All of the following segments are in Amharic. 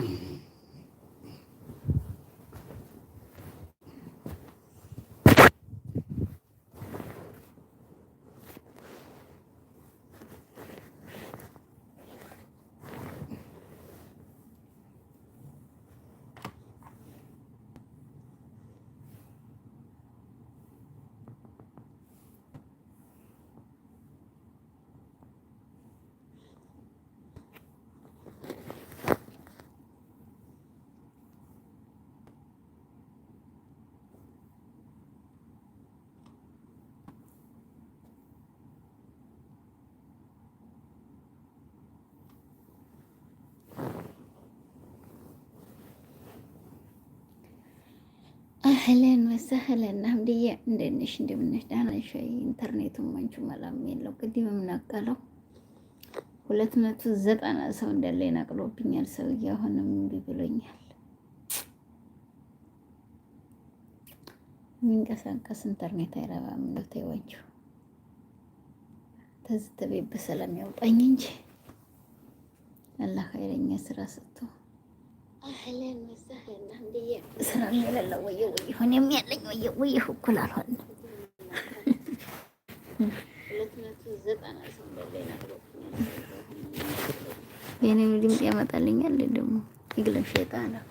Mm-hmm. አህለን ወሰህለን ሐምድዬ እንደት ነሽ? እንደምነሽ? ደህና ነሽ? ኢንተርኔቱም አንቺ መላም የለው ቅድም የምናቀለው ሁለት መቶ ዘጠና ሰው እንዳለ ይናቅሎብኛል። ሰውዬ አሁንም እምቢ ብሎኛል። የሚንቀሳቀስ ኢንተርኔት አይረባም። እንደው ተይው ተዝተቤ በሰላም ያውጣኝ እንጂ አላህ ኃይለኛ ስራ ሰጥቶ አህለን ወሰህለን አንድዬ ስራም ወየ ወየ እኔም ያለኝ ወየ ወየ እኩል አልሆንም። የእኔም ድምፅ ያመጣልኛል ደግሞ ይግለም ሸይጣን አክ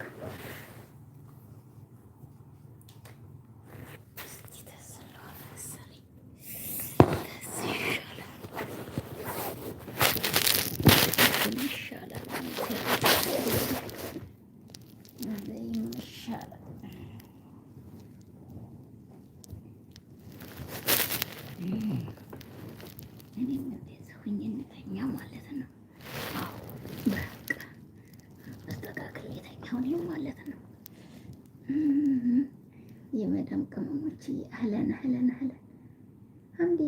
እኔ እንደዚያ ሁኜ እንተኛ ማለት የመዳም ቅመሞች አህለን አህለን አህለን። አንድ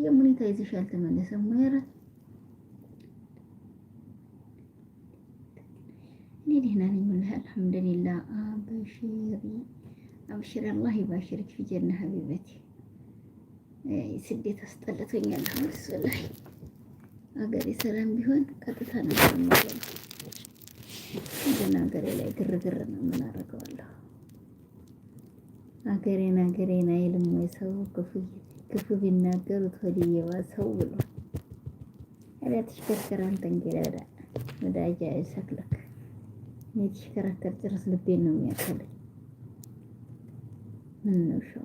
ይዘሽ ያልተመለሰም ወይረ እኔ ደህና ነኝ ወላሂ አልሐምዱሊላህ። አበሽሪ አብሽሪ አላህ ይባሽሪክ ፊ ጀና ሀቢበቲ ስደት አስጠልቶኛል። እሱ ላይ ሀገሬ ሰላም ቢሆን ቀጥታ ነው የምለው። ግን ሀገሬ ላይ ግርግር ነው የምናደርገዋለሁ። ሀገሬን ሀገሬን አይልም ወይ ሰው? ክፉ ቢናገሩት ወዲየዋ ሰው ብሎ አዳ አንተ እንግዲህ ወደ ወዳጃ ይሰክለክ የተሽከራከር ጭርስ ልቤን ነው የሚያከለኝ ምን ነው ሸዋ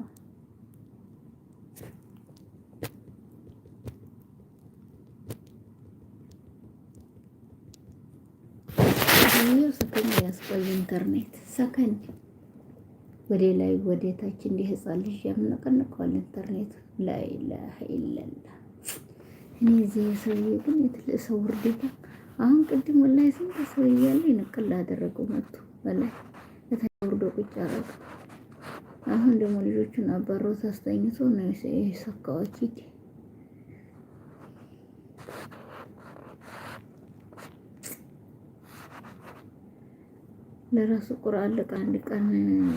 ይኸው ሰከንድ ያስቆይ ኢንተርኔት ሰከንድ ወደ ላይ ወደ ታች እንደ ህፃን ልጅ ያምነቀንቀዋል ኢንተርኔት ላይ ለሀይለላ እኔ እዚህ ሰውዬ ግን የትልቅ ሰው ውርዴታ አሁን ቅድም ወላሂ ስንት ሰው እያለ ይነቅል አደረገው መጥቶ ወላሂ እታች ውርዶ ቁጭ አደረገው። አሁን ደግሞ ልጆቹን አባረው ታስተኝቶ ነው የሰካዎች ለራሱ ቁርአን ልቃ አንድ ቀን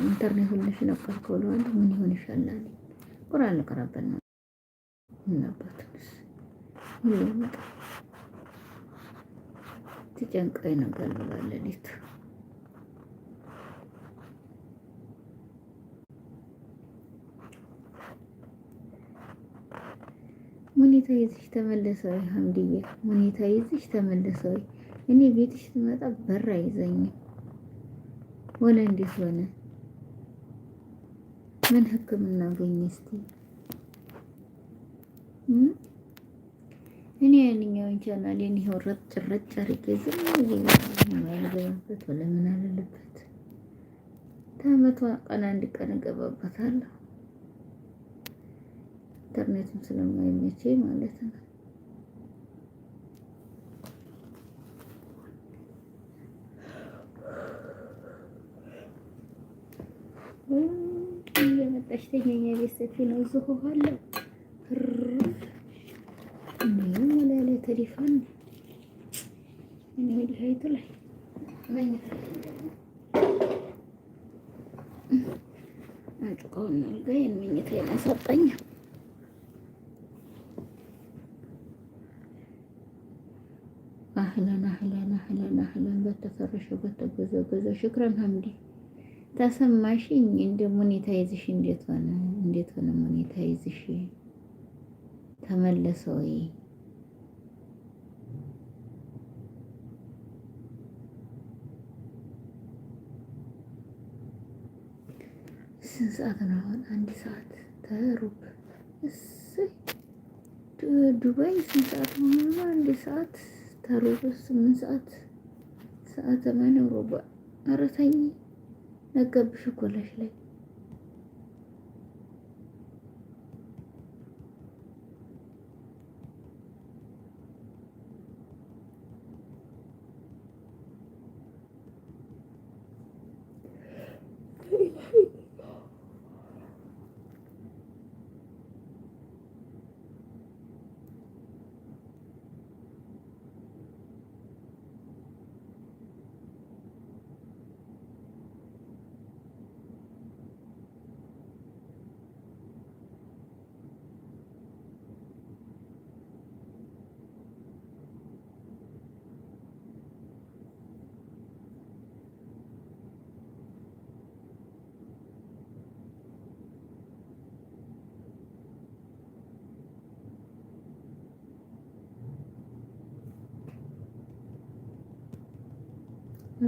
ኢንተርኔት ሁልሽ ነበር ከብለዋል። ምን ይሆን ይሻላል? ቁርአን ልቀራበት ነው ምናባትንስ ይመጣ ትጨንቃይ ነገር ብላለሊት ሁኔታ ይዝሽ ተመለሰ ወይ ሁኔታ ይዝሽ ተመለሰ ወይ እኔ ቤትሽ ትመጣ በር አይዘኝም። ወላ እንዴት ሆነ? ምን ህክምና አገኘ? እስቲ እኔ ያንኛውን ቻናል ይኸው ረጭ ረጭ አድርጌ ዝም አልገባበት ወለ ምን አልልበት ተመቷ ቀን አንድ ቀን እገባበታለሁ። ኢንተርኔቱም ስለማይመቼ ማለት ነው። እየመጣሽ ተኛኛ ቤት ሰፊ ነው። ዝሆኋለሁ እንዲሁም ወላሌ ተሪፋን እኔ ልሀይቱ ላይ አጭቃውን አልጋ አህለን አህለን አህለን አህለን በተፈረሸ በተጎዘጎዘ ሽክረን ተሰማሽኝ? እንደ ሞኔታይዝሽ እንዴት ሆነ? እንዴት ሆነ ሞኔታይዝሽ? ተመለሰ ወይ? ስንት ሰዓት ነው አሁን? አንድ ሰዓት ተሩብ። እሰይ ዱባይ ስንት ሰዓት መሆኑ ነው? አንድ ሰዓት ተሩብ። ስምንት ሰዓት ሰዓት ማን ሩባ አረተኝ 那个不是过了是嘞。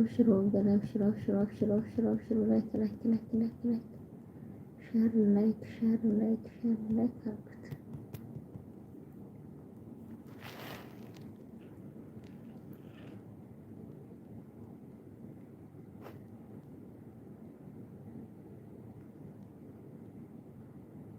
አብሽሮ ወገን አብሽሮ አብሽሮ አብሽሮ አብሽሮ አብሽሮ ላይክ ላይክ ላይክ ላይክ ላይክ ላይክ ሼር ላይክ ሼር ላይክ አድርጉት።